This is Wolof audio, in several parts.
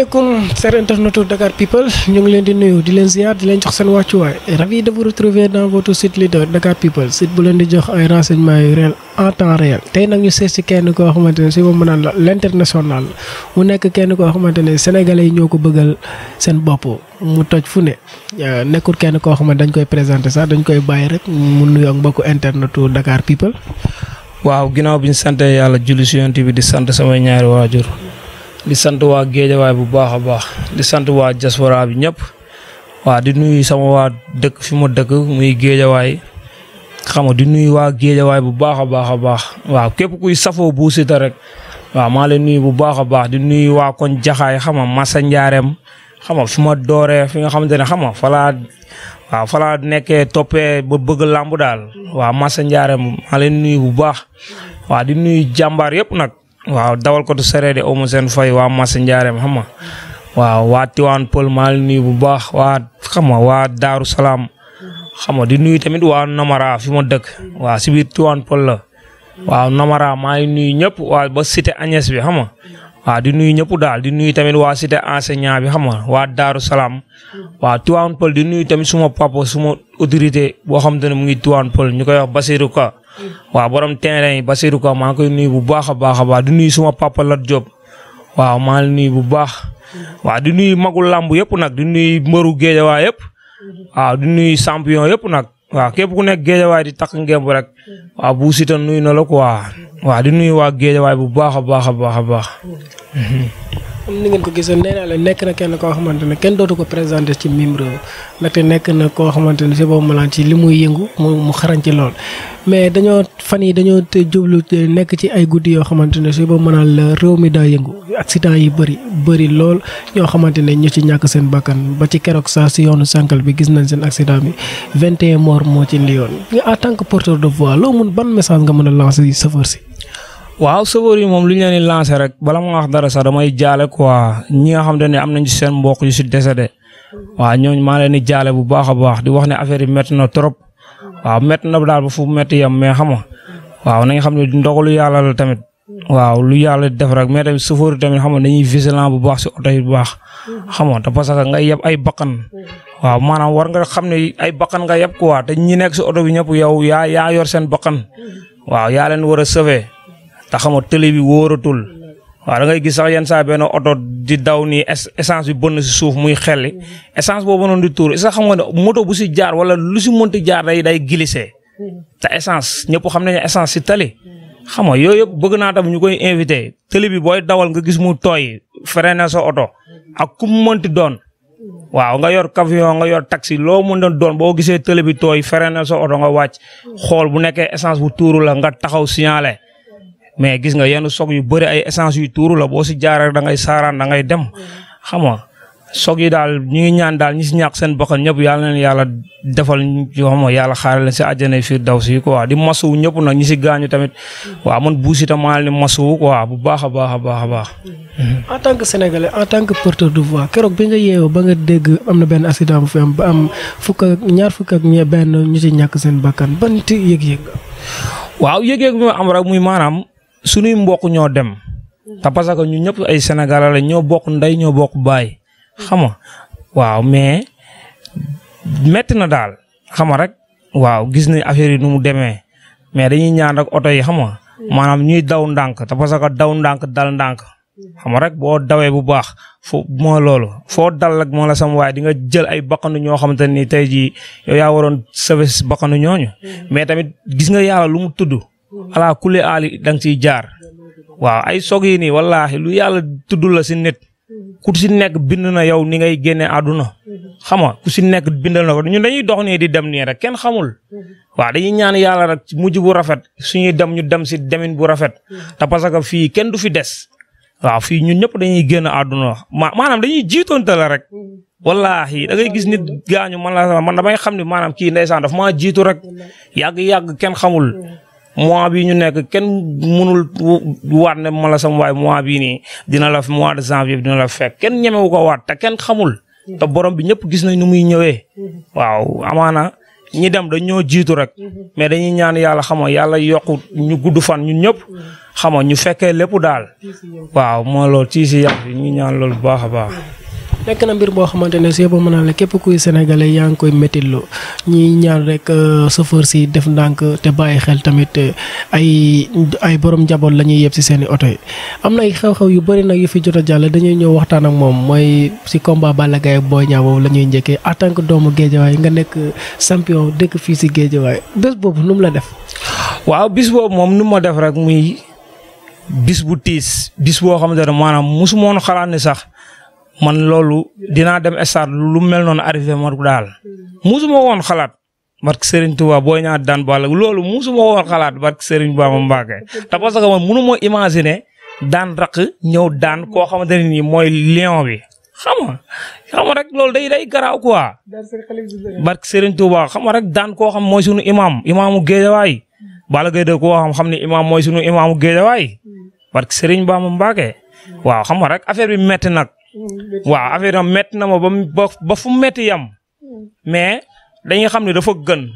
maaleykum chers internautes Dakar People ñu ngi leen di nuyu di leen ziar di leen jox seen wàccuwaay ravi de vous retrouver dans votre site leader Dakar People site bu leen di jox ay renseignements yu réel en temps réel tey nag ñu seet si kenn koo xamante ne si moom mu naan la l' international mu nekk kenn koo xamante ne sénégalais yi ñoo ko bëggal seen bopp mu toj fu ne nekkul kenn koo xam ne dañ koy présenter sax dañ koy bàyyi rek mu nuyu ak mbokku internautes Dakar People. waaw ginnaaw sant yàlla julli si di sant samay ñaari waajur di sant waa Géejawaay bu baax a baax di sant waa diaspora bi ñëpp waa di nuyu sama waa dëkk fi dëkk muy Géejawaay xam nga di nuyu waa Géejawaay bu baax a baax a baax waaw képp kuy safoo Bou Siteu rek waaw maa leen nuyu bu baax a baax di nuyu waa koñ jaxaay xam nga Massa Ndiarème xam nga fi ma dooree fi nga xamante ne xam nga falaa waaw falaa nekkee toppee ba bëgg làmb daal waa Massa Ndiarème maa nuyu bu baax waa di nuyu jàmbaar yëpp nag. waaw dawal ko tu sareet yi amu seen fay waa Massa Ndiarème waa Tiwaan Pël maa ngi bu baax waa xam nga waa Daaru Salaam xam nga di nuyu tamit waa Namara fi ma dëkk waa si biir Tiwaan Pël la waaw Namara maa ngi nuyu ñëpp waa ba cité Agnès bi xam nga di nuyu ñëpp daal di nuyu tamit waa cité enseignant bi xam nga waa Daaru Salaam waa Tiwaan Pël di nuyu tamit suma papa suma autorité boo xam ne mu ngi Tiwaan Pël ñu koy wax Basirou Ka waaw borom terrain yi Basirou ko maa ngi koy bu baax a baax a baax di nuyu suma papa Lat Diop waaw maa ngi nuyu bu baax. waaw di nuy magul làmb yëpp nag di nuyu mbëru géejawaay yëpp. waaw di nuyu champion yëpp nag. waaw képp ku nekk géejawaay di takk ngemb rek Mm. waaw Bou Siteu nuyu na la quoi waaw di nuyu waa Géejawaay bu baax a baax a baax a baax. am mm. ni ngeen ko gisoon nee naa la nekk na kenn koo xamante ne kenn dootu ko présenté ci mim réew ndaxte nekk na koo xamante ne si boobu malaan ci li muy yëngu mu xarañ ci lool mais dañoo fan yi dañoo jublu nekk ci ay guddi yoo xamante ne si boobu malaan la réew mi daa yëngu accident yi bëri bëri lool ñoo xamante ne ñu ci ñàkk seen bakkan ba ci keroog saa si yoonu sànkal bi gis nañ seen accident bi 21 morts moo ci liyoon en tant porteur de voix quoi loo mun ban message nga mën a lancer chauffeur si. waaw chauffeur yi moom lu ñu leen di lancer rek bala ma wax dara sax damay jaale quoi ñi nga xam ne am nañ ci seen mbokk yu si décédé waaw ñooñu maa leen di jaale bu baax a baax di wax ne affaire yi métti na trop waaw métti na daal ba fu metti yam mais xam nga waaw nañ xam ne ndogalu yàlla la tamit. waaw lu yàlla def rek mais tamit chauffeur tamit xam nga dañuy vigilant bu baax si oto yi bu baax. xam nga te parce que nga yeb ay bakkan waaw maanaam war nga xam ne ay bakkan nga yeb quoi te ñi nekk si oto bi ñëpp yow yaa yaa yor seen bakkan waaw yaa leen war a sauver te xam nga télé bi wóoratul waaw da ngay gis sax yenn saa benn oto di daw nii essence bi bënn si suuf muy xelli essence boobu noonu di tuur est xam nga ne moto bu si jaar wala lu si mënti jaar day day glissé te essence ñëpp xam nañu essence si tali. xam nga yooyu yëpp bëgg naa tam ñu koy invité télé bi booy dawal nga gis mu tooy freiné sa oto waaw nga yor camion nga yor taxi loo mën a doon boo gisee télé bi tooy fere na sa oto wàcc xool bu nekkee essence bu tuuru la nga taxaw signalé mais gis nga yenn soog yu bëri ay essence yu tuuru la boo si jaaree da ngay saaraan da ngay dem xam nga soog yi daal ñu ngi ñaan daal ñi si ñàkk seen bakkan ñëpp yàlla leen yàlla defal yoo xam yàlla xaaral leen si àjjana fiir daw si quoi di masuwu ñëpp nag ñi si gaañu tamit waaw man buus itam maa leen bu baax a baax a baax a baax. en tant que en tant que porteur de voix keroog ba nga dégg am na benn accident bu fi am fukk ñaar fukk ak ñu si ñàkk seen bakkan ban ti yëg am muy maanaam suñuy mbokk ñoo dem. Mm. te parce que ñun ñëpp ay sénégalais la ñoo bokk nday ñoo bokk baay xam nga waaw mais metti na daal xam nga rek waaw gis nañ affaire yi nu mu demee mais dañuy ñaan rek oto yi xam maanaam ñuy daw ndànk te parce que daw ndànk dal ndànk xam rek boo dawee bu baax foo moo loolu foo dal ak moo la sama waaye di nga jël ay bakkanu ñoo xamante ni tey jii yow yaa waroon service bakkanu ñooñu mais tamit gis nga yàlla lu mu tudd ala kulli aali da nga ciy jaar waaw ay sog yi lu yàlla tudd la si nit ku si nekk bind na yow ni ngay génne àdduna xam nga ku si nekk bindal na ko ñun dañuy dox nii di dem nii rek kenn xamul waaw dañuy ñaan yàlla rek mujj bu rafet suñuy dem ñu dem si demin bu rafet te parce que fii kenn du fi des waaw fii ñun ñëpp dañuy génn àdduna ma maanaam dañuy jiitoonte la rek wallahi da ngay gis nit gaañu man la man damay xam ni maanaam kii ndeysaan daf ma jiitu rek yàgg-yàgg kenn xamul mois bii ñu nekk kenn mënul waat ne ma sam waay mois bii nii dina la mois de janvier dina la fekk kenn ñemewu ko waat te kenn xamul. te borom bi ñëpp gis nañ nu muy ñëwee. waaw amaana ñi dem da ñoo jiitu rek. mais dañuy ñaan yàlla xama yàlla yokku ñu gudd fan ñun ñëpp. xama ñu fekkee lépp daal. waaw moo loolu ci si yàlla ñu ñaan loolu bu baax a baax. nekk na mbir boo xamante ne si ba mën naa la képp kuy sénégalais yaa ngi koy métitlu ñuy ñaan rek euh, chauffeur si def ndànk te bàyyi xel tamit euh, ay ay borom njaboot la ñuy yeb si seen i oto yi. am na ay xew-xew yu bari nag yu fi jot a jàll dañuy ñëw waxtaan ak moom mooy si combat Balla Gaye Boy Niang boobu la ñuy njëkkee en tant que doomu géejawaay nga nekk sampion euh, dëkk fii si géejawaay bés boobu nu mu la def. waaw bis boobu moom nu ma def rek muy bis bu tiis bis boo xamante ne maanaam mosu ma woon xalaat sax. man loolu dinaa dem stade lu mel noonu arrivé ma daal musuma woon xalaat barke Serigne Touba booy ñaar daan Balla loolu musuma woon xalaat barke Serigne Bamba Mbacké te parce que man mënu ma daan raq ñëw daan koo xamante ne nii mooy lion bi xam nga rek loolu day day garaaw quoi barke Serigne Touba xam nga rek daan koo xam mooy sunu imaam imaamu Géejawaay Balla Gaye de koo xam xam ne imaam mooy sunu imaamu Géejawaay barke Serigne Bamba Mbacké waaw xam nga rek affaire bi metti nag waaw affaire yi métti na ma ba ba fu métti yam mais dañuy xam ne dafa gën.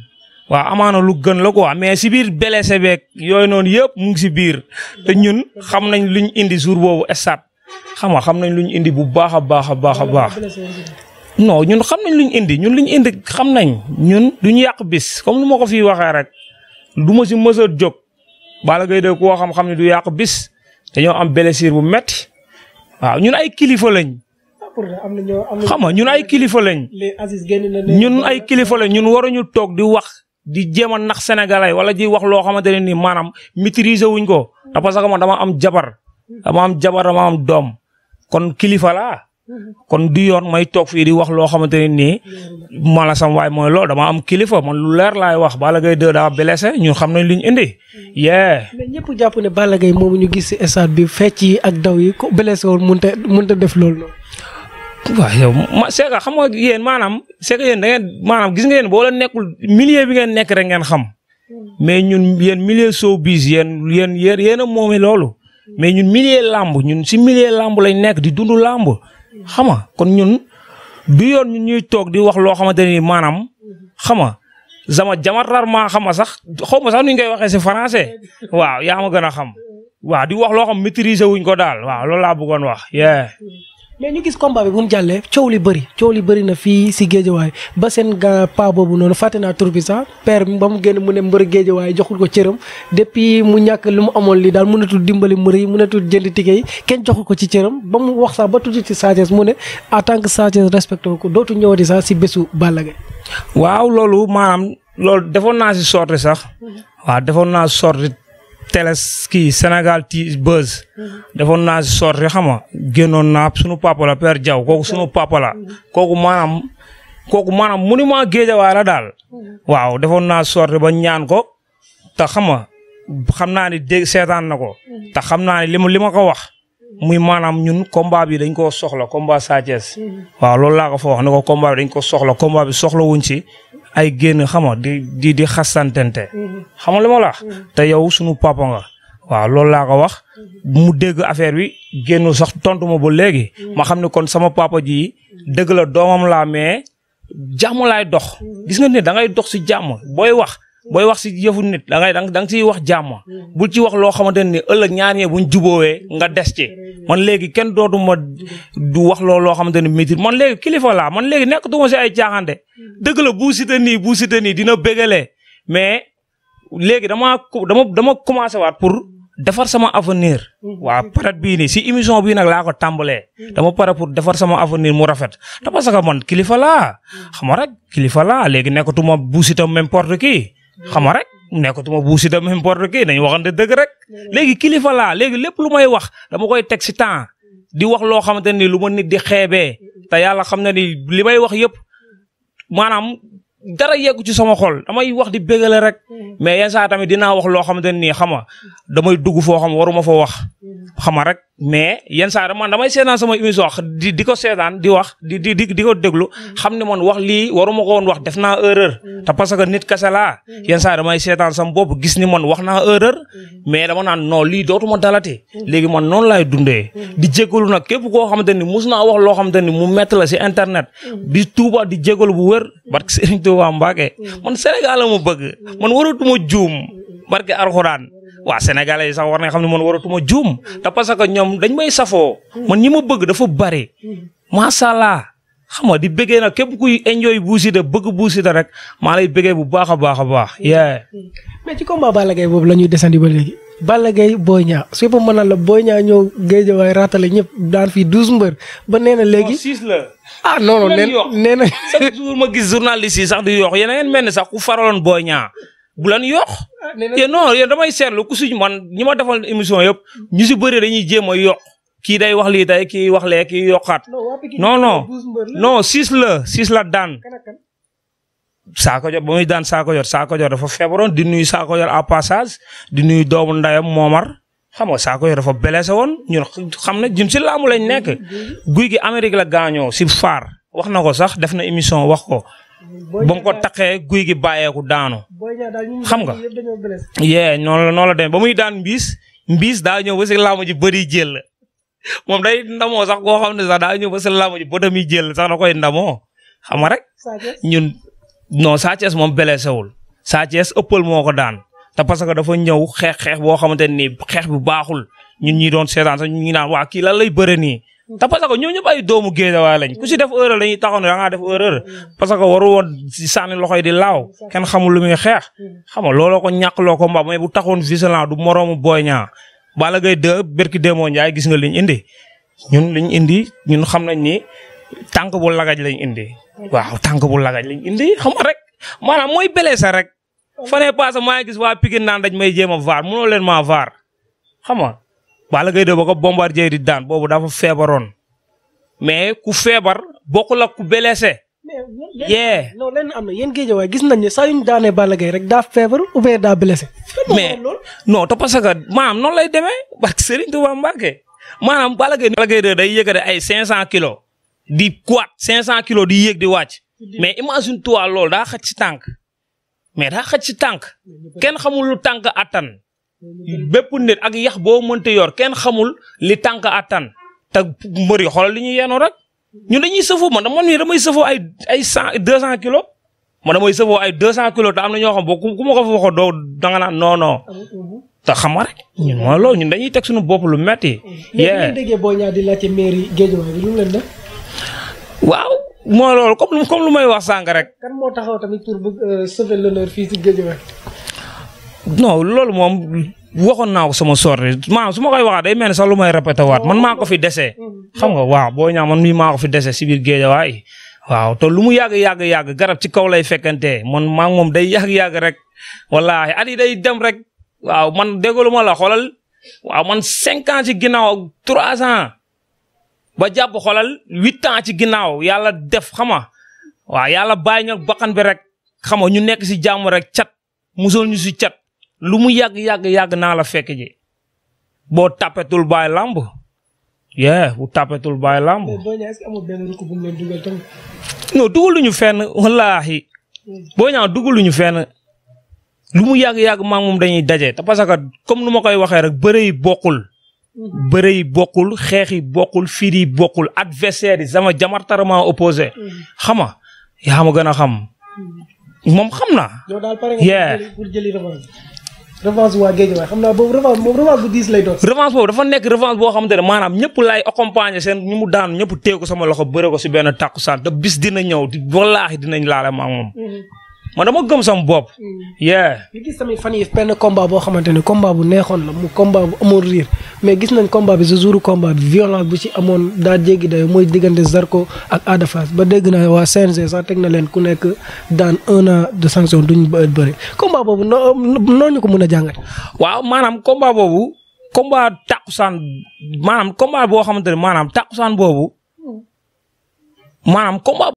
waaw amaana lu gën la quoi mais si biir blessé beeg yooyu noonu yëpp mu ngi si biir te ñun xam nañ luñ indi jour boobu stade xam nga xam nañ luñ indi bu baax a baax a baax a baax. ñun xam nañ luñ indi ñun luñ indi xam nañ ñun duñu yàq bis comme nu ma ko fii waxee rek du ma si mës a jóg. Balla Gaye de koo xam-xam ne du yàq bis dañoo am blessure bu métti waaw ñun ay kilifa lañ. xam nga ñun ay kilifa lañ. ñun ay kilifa lañ ñun waruñu toog di wax di jéem a nax sénégalais wala di wax loo xamante ne nii maanaam maîtriser wuñ ko. te parce que dama am jabar. dama am jabar dama am doom kon kilifa la kon di yoon may toog fii di wax loo xamante ne nii ma la sam waay mooy loolu dama am kilifa man lu leer laay wax balagay Gaye 2 daa blessé ñun xam nañ li ñu indi. yee. mais ñëpp jàpp ne Balla Gaye moomu ñu gis si bi fecc yi ak daw yi ko blessé woon mënut a def loolu noonu. waaw yow xam nga yéen maanaam c'est que yéen da ngeen maanaam gis nga yéen boo la nekkul milieu bi ngeen nekk rek ngeen xam mais ñun yéen milieu showbiz yéen yéen yéen a moome loolu mais ñun milieu làmb ñun si milieu làmb lañ nekk di dund làmb xam nga kon ñun du yoon ñun ñuy toog di wax loo xamante ni maanaam xam nga sama jamat rarement xam nga sax xaw ma sax nuñ koy waxee si français waaw yaa ma gën a xam waaw di wax loo xam maîtriser wuñ ko daal waaw loolu laa bëggoon wax. mais ñu gis combat bi bu mu jàllee coow li bëri coow li bëri na fii si géejawaay ba seen ga pa boobu noonu fàtte naa tur bi sax père ba mu génn mu ne mbër géejawaay joxul ko cëram depuis mu ñàkk li mu amoon li daal mënatul dimbali mbër yi mënatul jënd ticket yi kenn joxul ko ci cëram ba mu wax sax ba tudd ci Sa mu ne en tant que Sa Thiès respecté ko dootu ñëwati sax si bésu Balla waaw loolu maanaam loolu defoon naa si sorti sax mm-hmm. waa defoon naa sorti télé kii senegal ti buzz defoon naa si sort yoo xam nga génnoon naa sunu papa la Père Diaw kooku sunu papa la kooku maanaam kooku maanaam monument géejawaay la daal waaw defoon naa sort ba ñaan ko te xam nga xam naa ni dégg seetaan na ko te xam naa ni li ma wax. muy maanaam ñun combat bi dañ koo soxla combat Sa Thiès waaw loolu laa ko fa wax ne ko combat bi dañ ko soxla combat bi soxla wuñ ci ay génn xama di di di xasantente xam nga li te yow sunu papa nga waaw loolu laa ko wax mu dégg affaire bi génn sax tontuma bu léegi ma xam ne kon sama papa ji dëgg la doomam laa mais jàmm laay dox gis nga ne da ngay dox si jàmm booy wax booy wax si yëfu nit da ngay da nga siy wax jàmm mm-hmm. bul ci wax loo xamante ne ëllëg ñaar ñee buñ jubóowee nga des ci man léegi kenn dootu ma du wax loo loo xamante ne métti man léegi kilifa laa man léegi nekk duma si ay caaxaan de mm-hmm. dëgg la bu site nii bu site dina bégalee mais léegi damaa dama dama commencé waat pour defar sama avenir mm-hmm. waa peut-être bii nii si émission bii nag laa ko tàmbalee dama pare pour defar sama avenir mu rafet te parce que man kilifa laa xam nga rek kilifa laa léegi nekkatuma buusita n'importe qui xam nga rek nekkatuma buusi dem importe kii dañu waxante dëgg rek. léegi kilifa laa léegi lépp lu may wax dama koy teg si temps di wax loo xamante ni lu ma nit di xeebee te yàlla xam na ni li may wax yëpp maanaam dara yeggu ci sama xol damay wax di bégale rek mm. mais yenn saa tamit dinaa wax loo xamante ne nii xam nga damay dugg foo xam waruma fa wax mm. xama rek mais yenn saa man damay seetaan sama émission di di ko seetaan di wax di di di ko déglu mm. xam ne man wax lii waruma woon wax def naa erreur te parce que nit kese laa yenn saa damay seetaan sama bopp gis ni man wax naa erreur mais dama naan non lii dootuma dalati léegi man noonu laay dundee di jégalu nag képp koo xamante ni mus naa wax loo xam xamante ni mu métti la si internet di tuuba di jégalu bu wér barke Serigne Touba Mbacke mm. man Sénégal la bëgg mm. man waratuma juum barke Alxuraan waa Sénégalais yi sax war na xam ne man waratuma juum mm. te parce que ñoom dañ may safoo man ñi ma bëgg dafa bari macha allah xam nga di bëggee na képp kuy enjoy Bou bëgg Bou Siteu rek maa lay bëggee bu baax a baax a baax. mais ci combat Balla Gaye boobu la ñuy desandi ba léegi. Balla Gaye Boy Niang su ko mënal la Boy Niang ñëw géejawaay raatale ñëpp daan fii douze mbër ba nee na léegi. six la. ah non non nee na ma gis journaliste yi sax di yokk yéen a ngeen mel ni sax ku faraloon booy ñaa bu lan yokk. ah non yéen damay seetlu ku suñu man ñi ma defal émission yëpp ñu si bëri dañuy jéem a yokk kii day wax lii day kii wax lee kii yokkaat. non non non six la six la daan. saako jor ba muy daan saako jor saako jor dafa feebaroon di nuyu saako jor à passage di nuyu doomu ndayam Momar xam nga saako jor dafa blessé woon ñun xam ne ñun si laamu lañ nekk. guy gi Amérique la gaañoo si faar wax na ko sax def na émission wax ko. ba ko taxe guy gi bàyyeeku daanu. xam nga. yee noonu la noonu la demee ba muy daan mbiis mbiis daa ñëw ba si laamu ji bëri jël moom day ndamoo sax koo xam ne sax daa ñëw ba si laamu ji bëtam yi jël sax da koy ndamoo non Sa moom blessé wul Sa Thiès ëppal moo ko daan te parce que dafa ñëw xeex xeex boo xamante ni xeex bu baaxul ñun ñi doon seetaan sax ñu ngi naan waa kii lan lay bëre nii. te parce que ñoo ñëpp ay doomu géejawaay lañ ku si def erreur dañuy taxaw ne da ngaa def erreur parce que waru woon si sànni loxo yi di laaw kenn xamul lu muy xeex. xam nga looloo ko ñàkkloo ko mbaa mais bu taxoon vigilant du moroomu Boy Niang Balla gay 2 berki demoo Ndiaye gis nga liñ indi ñun liñ indi ñun xam nañ ni tànk bu lagaj lañ indi. waaw tànk bu lagaj lañ indi xam nga rek maanaam mooy blessé rek. fan yii passé maa ngi gis waa Pikine naan dañ may jéem a vaar mënoo leen maa vaar xam nga Balla Gaye de ba ko bombardier di daan boobu dafa feebaroon mais ku feebar bokkul ak ku blessé. mais non lenn am na yéen géejawaay gis nañ ne saa yu ñu daanee Balla Gaye rek daa feebar ou bien daa blessé. mais non te parce que maanaam noonu lay demee barke Serigne Touba Mbacké maanaam Balla day yëkkate ay 500 kilos. di kuwaat 500 kilos di yéeg di wàcc. mais imagine toi loolu daa xaj si tànk mais daa xaj si tànk kenn xamul lu tànk attan bépp nit ak yax boo mënta yor kenn xamul li tànk attan te mbër yi xoolal li ñuy yénoo rek ñun dañuy sëfoo man man mii damay sëfoo ay ay cent deux cent kilos man damay sëfoo ay deux cent kilo te am na ñoo xam boo ku ma ko fa waxoo doo danga naan non non. te xam ma rek ñun mooy loolu ñun dañuy teg suñu bopp lu metti. mais waaw mooy loolu comme comme lu may wax sànq rek. kan moo taxaw tamit pour bëgg euh, sauver loolu moom waxoon naa ko sama sorte maanaam su ma koy waxaat day mel ni sax lu may répété waat man maa ko fi dese. Mm-hmm. xam nga waaw boo ñaax man mii maa ko fi dese si biir géejawaay waaw te lu mu yàgg yàgg yàgg garab ci kaw lay fekkante man maa moom day yàgg yàgg rek wallaahi at day dem rek waaw man déglu ma la xoolal waaw man cinq ans ci ginnaaw ak trois ans. ba jàpp xolal huit ans ci ginnaaw yàlla def xama waaw yàlla baay ñoog bakkan bi rek xama ñu nekk si jàmm rek cat musul ñu si cat lu mu yàgg yàgg yàgg naa la fekk ji boo tapetul bàyyi làmb yeah bu tapetul bàyyi làmb. non dugaluñu fenn wallaahi. boo ñaaw dugaluñu fenn. lu mu yàgg yàgg maa moom dañuy daje te parce que comme nu ma koy waxee rek bëre bokkul. bëre yi bokkul xeexi bokkul fiir yi bokkul adversaire yi sama jamartarement opposé xam nga yaa ma gën a xam moom xam na. yow daal pare nga pour jëli revanche. waa xam naa boobu revanche moom revanche bu diis lay doon. revanche boobu dafa nekk revanche boo xamante ne maanaam ñëpp laay accompagner seen ñu mu daan ñëpp téye ko sama loxo bëre ko si benn tàkkusaan te bis dina ñëw di dinañ laale ma moom. Mm-hmm. man dama gëm sama bopp. Mm. yeah. ñu gis benn combat boo xamante ne combat bu neexoon la mu combat bu amoon riir mais gis nañ combat bi sa jour combat bi violence bu ci amoon daa jéggi dayo mooy diggante Zarko ak Ada Fass ba dégg naa waa CNG sax teg na leen ku nekk daan un an de sanction duñ bëri combat boobu noo noo ñu ko mën a jàngat. waaw maanaam combat boobu combat takkusaan maanaam combat boo xamante ne maanaam takkusaan boobu mm. maanaam combat.